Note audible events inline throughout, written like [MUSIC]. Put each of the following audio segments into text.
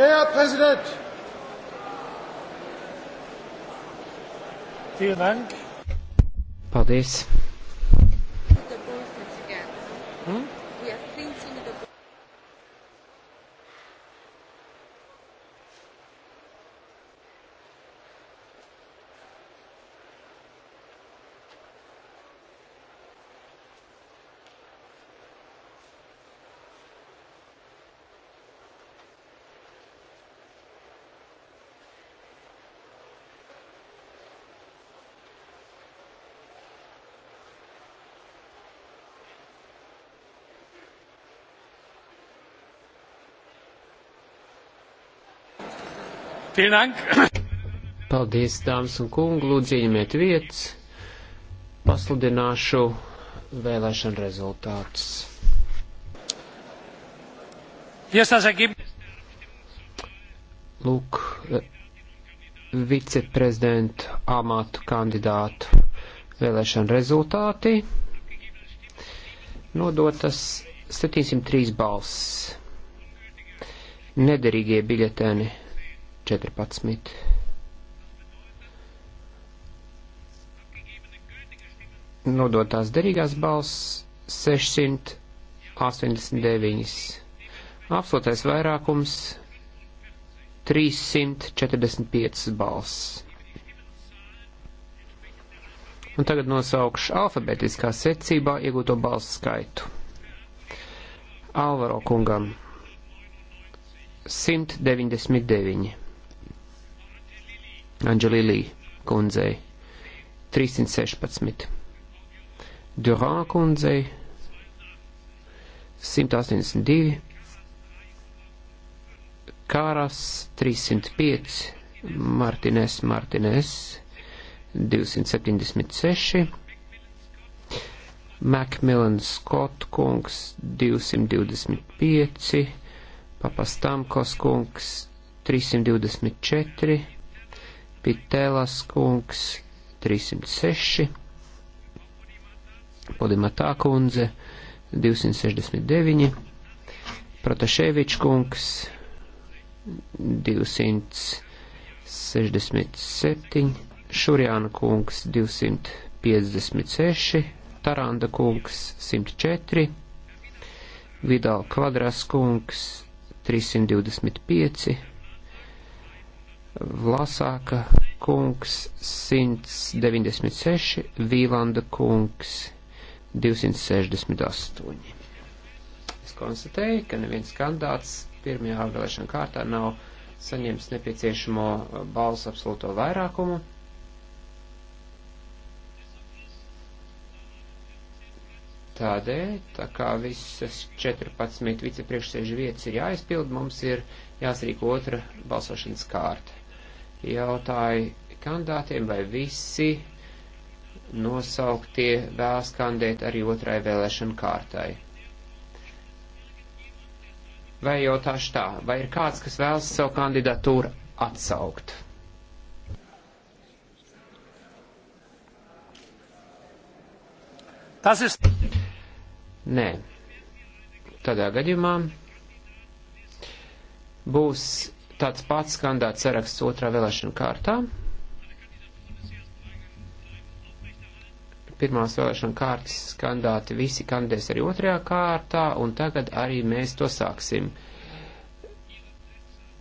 Der Präsident! Vielen Dank. Paldies. Hm? Paldies, dāmas un kungi, lūdzu ieņemiet vietas, pasludināšu vēlēšanu rezultātus. Lūk, viceprezidentu amatu kandidātu vēlēšanu rezultāti. Nodotas 703 balss. Nederīgie biļetēni 14. Nodotās derīgās balss 689. Absolūtais vairākums 345 balss. Un tagad nosaukšu alfabetiskā secībā iegūto balsu skaitu. Alvaro kungam 199. Anģelīlī kundzei 316, Durā kundzei 182, Kāras 305, Martinēs Martinēs 276, Macmillan Scott kungs 225, Papastamkos kungs 324, Pitēlas kungs 306, Podimatā kundze 269, Protaševičs kungs 267, Šurjāna kungs 256, Taranda kungs 104, Vidal Kvadras kungs 325, Vlasāka kungs 196, Vīlanda kungs 268. Es konstatēju, ka neviens kandidāts pirmajā vēlēšana kārtā nav saņēmis nepieciešamo balsu absolūto vairākumu. Tādēļ, tā kā visas 14 vicepriekšsēžu vietas ir jāaizpild, mums ir jāsarīko otra balsošanas kārta jautāju kandidātiem, vai visi nosauktie vēlas kandidēt arī otrai vēlēšanu kārtai. Vai jau taši tā, vai ir kāds, kas vēlas savu kandidatūru atsaukt? Tas ir. Nē. Tādā gadījumā būs tāds pats kandidāts saraksts otrā vēlēšana kārtā. Pirmās vēlēšana kārtas kandidāti visi kandidēs arī otrajā kārtā, un tagad arī mēs to sāksim.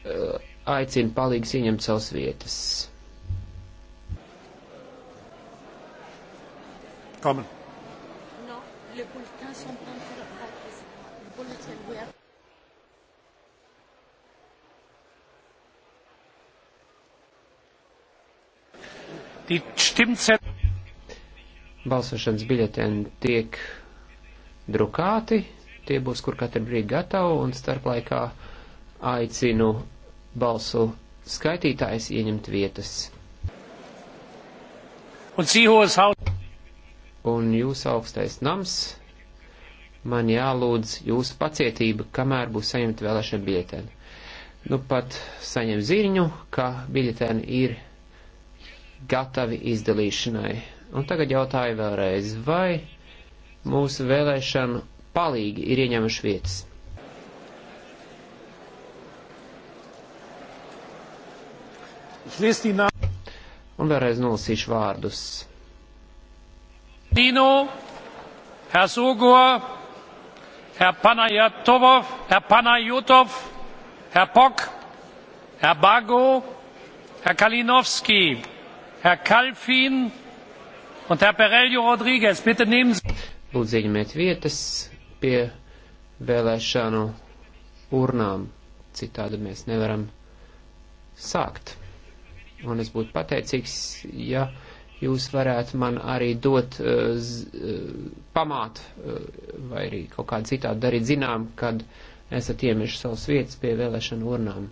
Uh, aicinu palīgs ieņemt savas vietas. Amen. Balsošanas biļetēni tiek drukāti, tie būs kur katru brīdi gatavi, un starplaikā aicinu balsu skaitītājs ieņemt vietas. Un jūs augstais nams, man jālūdz jūsu pacietība, kamēr būs saņemta vēlēšana biļetēna. Nu pat saņem ziņu, ka biļetēni ir gatavi izdalīšanai. Un tagad jautāju vēlreiz, vai mūsu vēlēšanu palīgi ir ieņemuši vietas? Kristīna. Un vēlreiz nolasīšu vārdus. Dino, Herr Sogo, Herr Panajotov, Herr Panajotov, Herr Pock, Herr Bago, Herr Kalinowski. Herr Kalfin un Herr Pereljo Rodrīgas, bitte nehmen Sie. Lūdzu, ieņemiet vietas pie vēlēšanu urnām, citādi mēs nevaram sākt. Un es būtu pateicīgs, ja jūs varētu man arī dot uh, z, uh, pamātu uh, vai arī kaut kā citādi darīt zinām, kad esat iemieši savas vietas pie vēlēšanu urnām.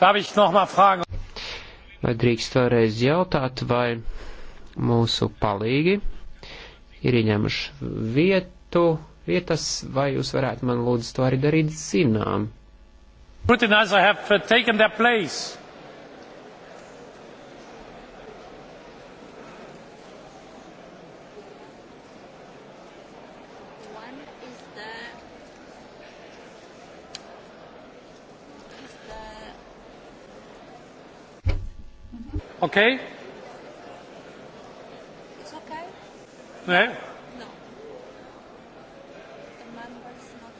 Vai drīkst vēlreiz jautāt, vai mūsu palīgi ir ieņemuši vietu, vietas, vai jūs varētu man lūdzu to arī darīt zinām? Putin, Okay? It's okay? Yeah? No. The member is not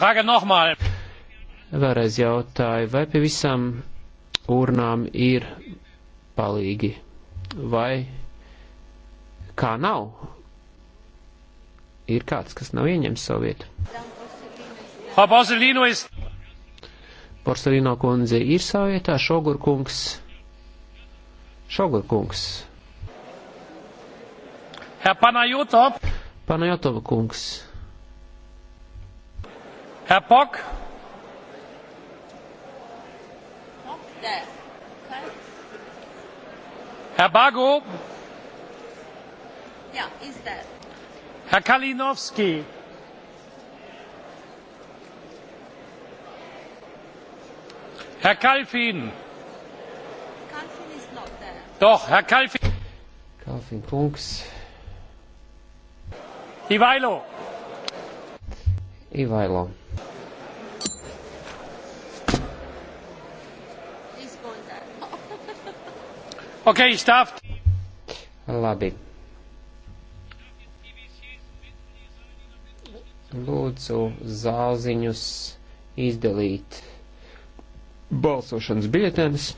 Frage nochmal. Vēlreiz jautāju, vai pie visām urnām ir palīgi, vai kā nav? ir kāds, kas nav ieņemts savu vietu. Porcelīno kundze ir savā vietā, Šogurkungs. Šogurkungs. Panajotov. Panajotova kungs. Herr Bock. Herr Bago. Ja, ist er herr kalinowski herr kalfin doch herr kalfin kalfin kungs ivailo ivailo [LAUGHS] okay ich darf labi Lūdzu zāziņus izdalīt balsošanas biļetenes.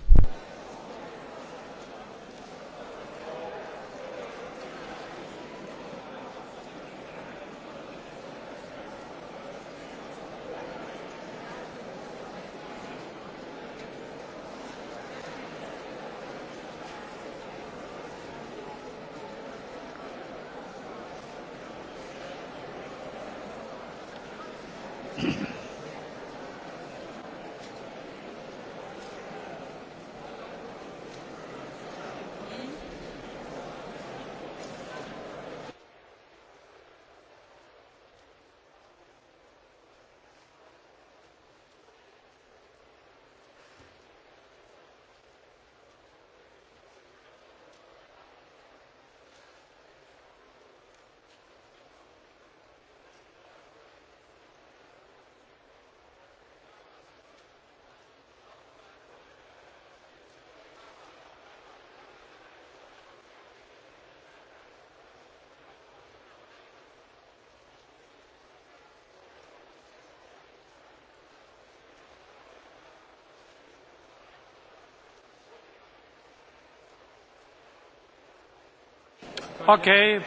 Okay.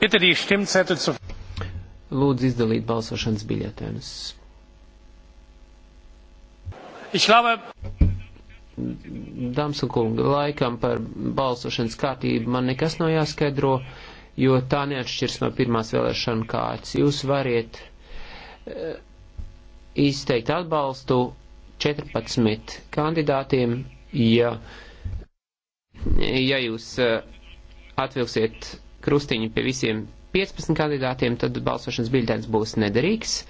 Bitte die Stimmzettel zu. Lūdzu izdalīt balsošanas biļetenus. Ich glaube. Dāmas un kungi, laikam par balsošanas kārtību man nekas nav jāskaidro, jo tā neatšķirs no pirmās vēlēšana kārtas. Jūs variet e, izteikt atbalstu 14 kandidātiem, ja ja jūs eh, atvilksiet krustiņu pie visiem 15 kandidātiem, tad balsošanas biļetens būs nederīgs,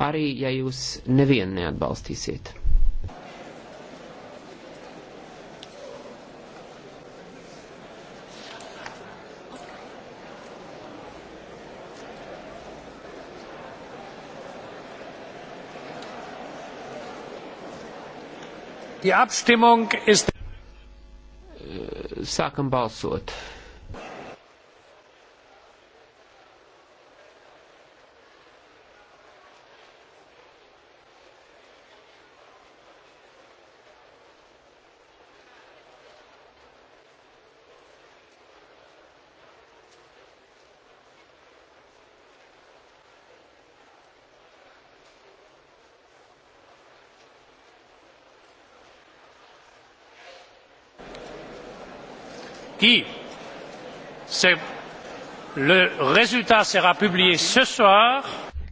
arī ja jūs nevienu neatbalstīsiet. Die Abstimmung ist Sākam balsot. qui le résultat sera publié ce soir.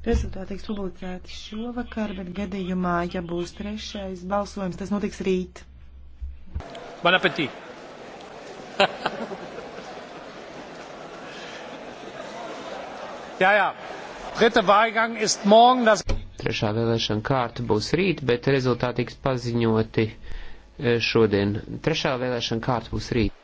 Rezultāti tiks publicēti šovakar, bet gadījumā, ja būs trešais balsojums, tas notiks rīt. Bon appétit! jā, [LAUGHS] jā. Dritte Wahlgang ist morgen. Das... Trešā vēlēšana kārta būs rīt, bet rezultāti tiks paziņoti eh, šodien. Trešā vēlēšana kārta būs rīt.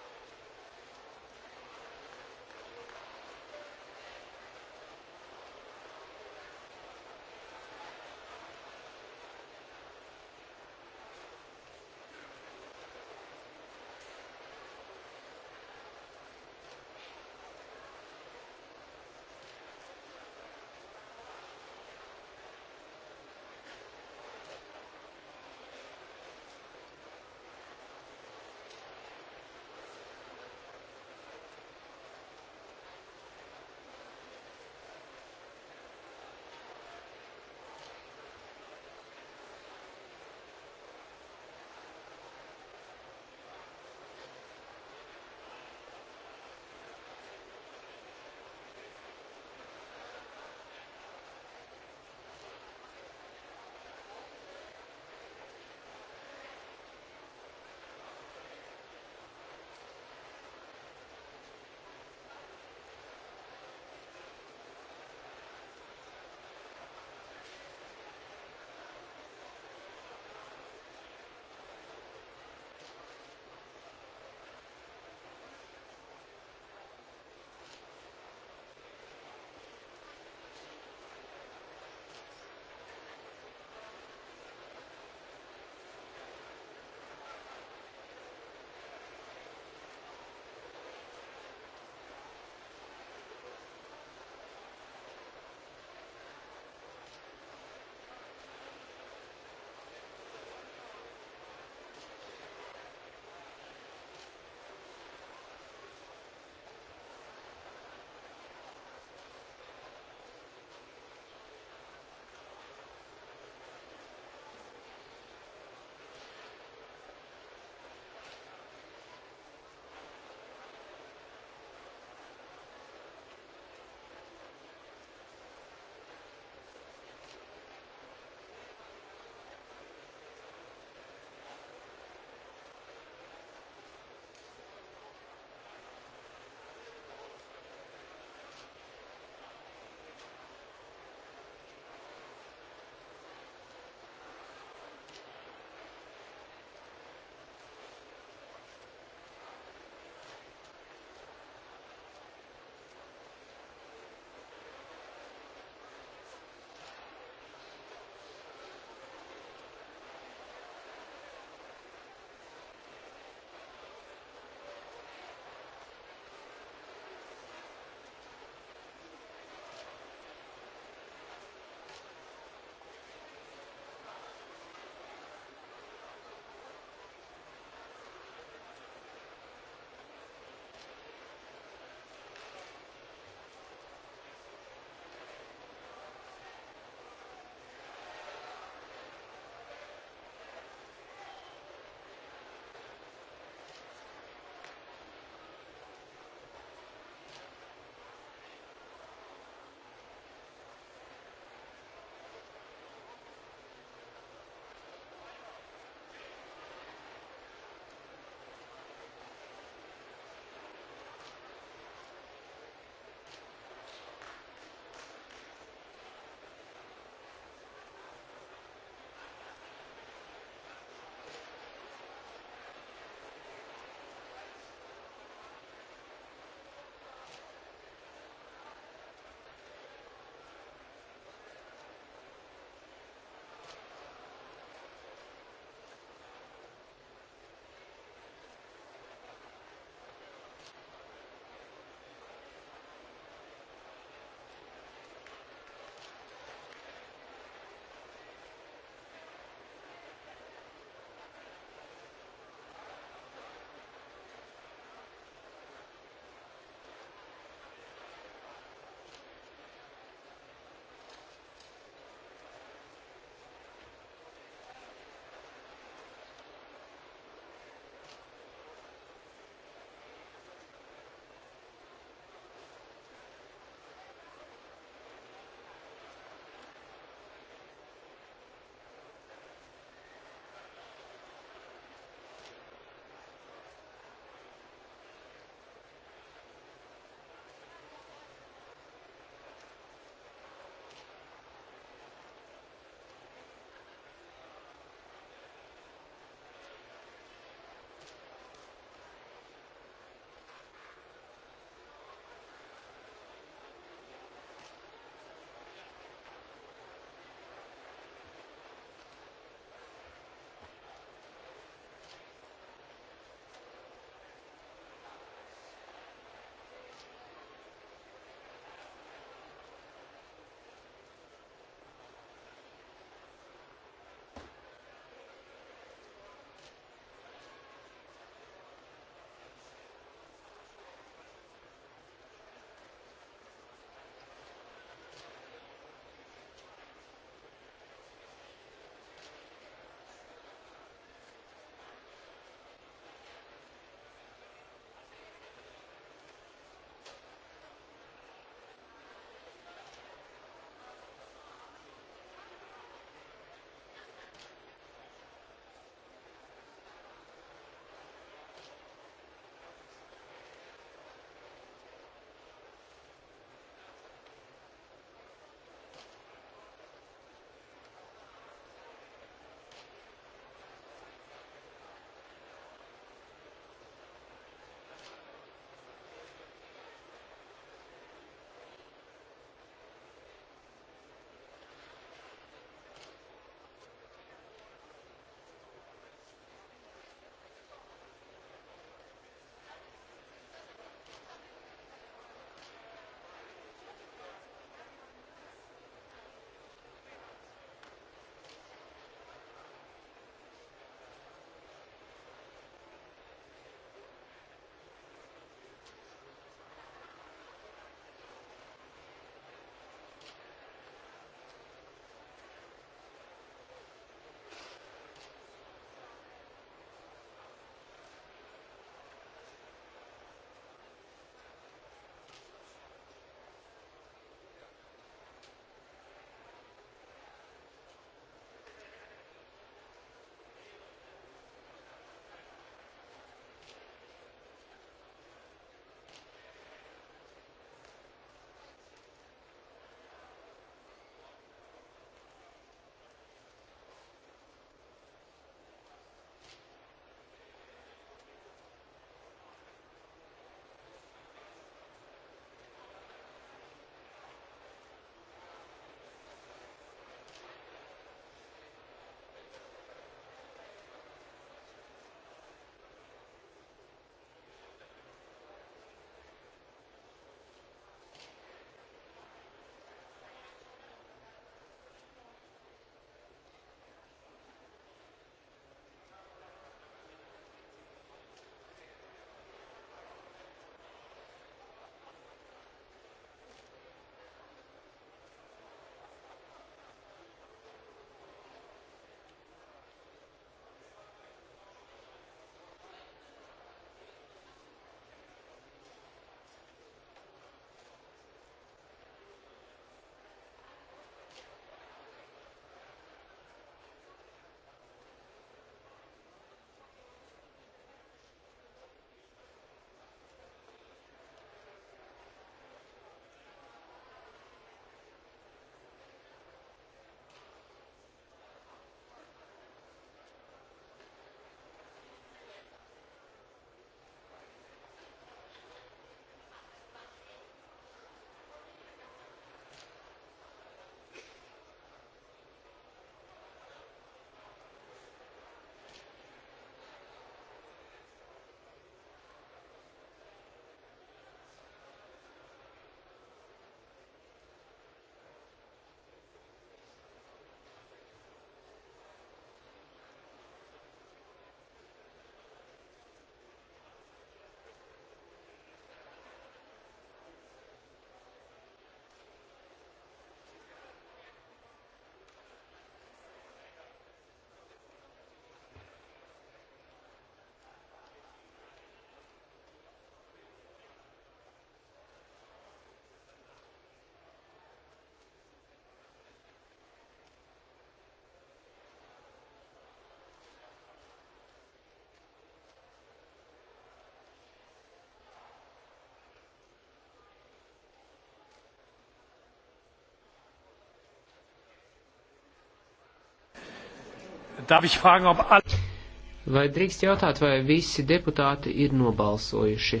Vai drīkst jautāt, vai visi deputāti ir nobalsojuši?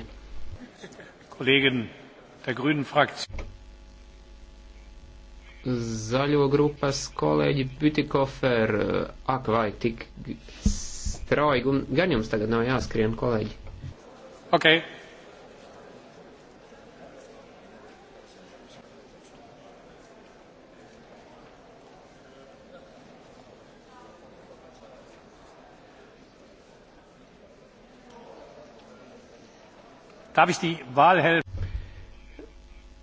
Kolēģin, Zaļo grupas kolēģi Bütikofer, eh, ak vai tik strauji, gan jums tagad nav jāskrien, kolēģi. Okay. Darf ich die Wahl helfen?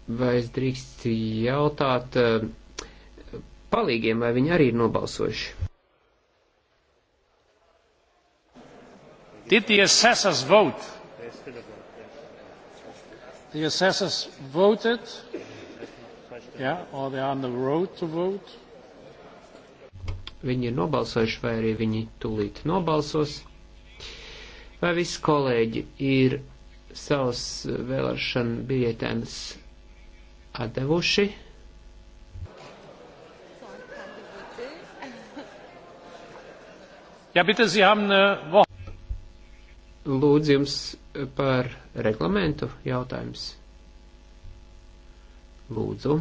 Vai es drīkst jautāt eh, palīgiem, vai viņi arī ir nobalsojuši? Did the assessors vote? The assessors voted. Yeah, or they are on the road to vote. Viņi ir nobalsojuši, vai arī viņi tūlīt nobalsos. Vai visi kolēģi ir savus vēlēšanu biļetenus atdevuši. Ja, bitte, Sie haben eine äh, Woche. Lūdzu jums par reglamentu jautājums. Lūdzu.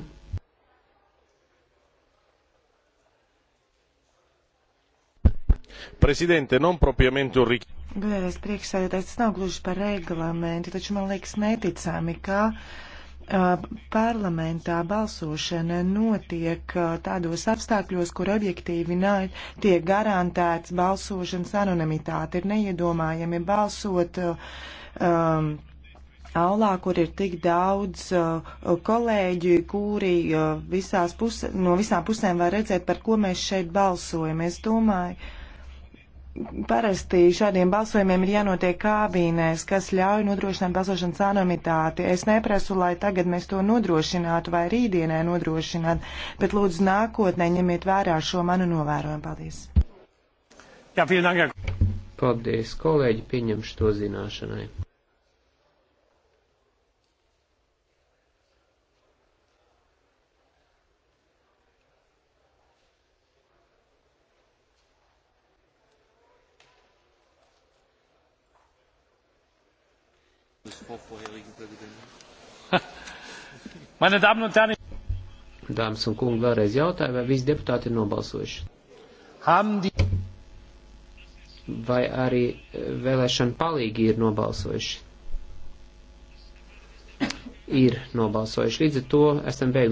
Presidente, non propriamente un richiamo. Godējais priekšsēdētājs, tas nav gluži par reglamentu, taču man liekas neticami, ka uh, parlamentā balsošana notiek uh, tādos apstākļos, kur objektīvi nav, tiek garantēts balsošanas anonimitāte. Ir neiedomājami balsot. Um, aulā, kur ir tik daudz uh, kolēģi, kuri uh, visās pusē, no visām pusēm var redzēt, par ko mēs šeit balsojam. Es domāju, Parasti šādiem balsojumiem ir jānotiek kābīnēs, kas ļauj nodrošināt balsošanas anonimitāti. Es neprasu, lai tagad mēs to nodrošinātu vai rītdienē nodrošinātu, bet lūdzu nākotnē ņemiet vērā šo manu novērojumu. Paldies! Jā, Paldies, kolēģi, pieņemšu to zināšanai. Meine Damen un Herren, Dāmas un kungi, vēlreiz jautāju, vai visi deputāti ir nobalsojuši? Hamdi. Vai arī eh, vēlēšana palīgi ir nobalsojuši? Ir nobalsojuši. Līdz ar to esam beiguši.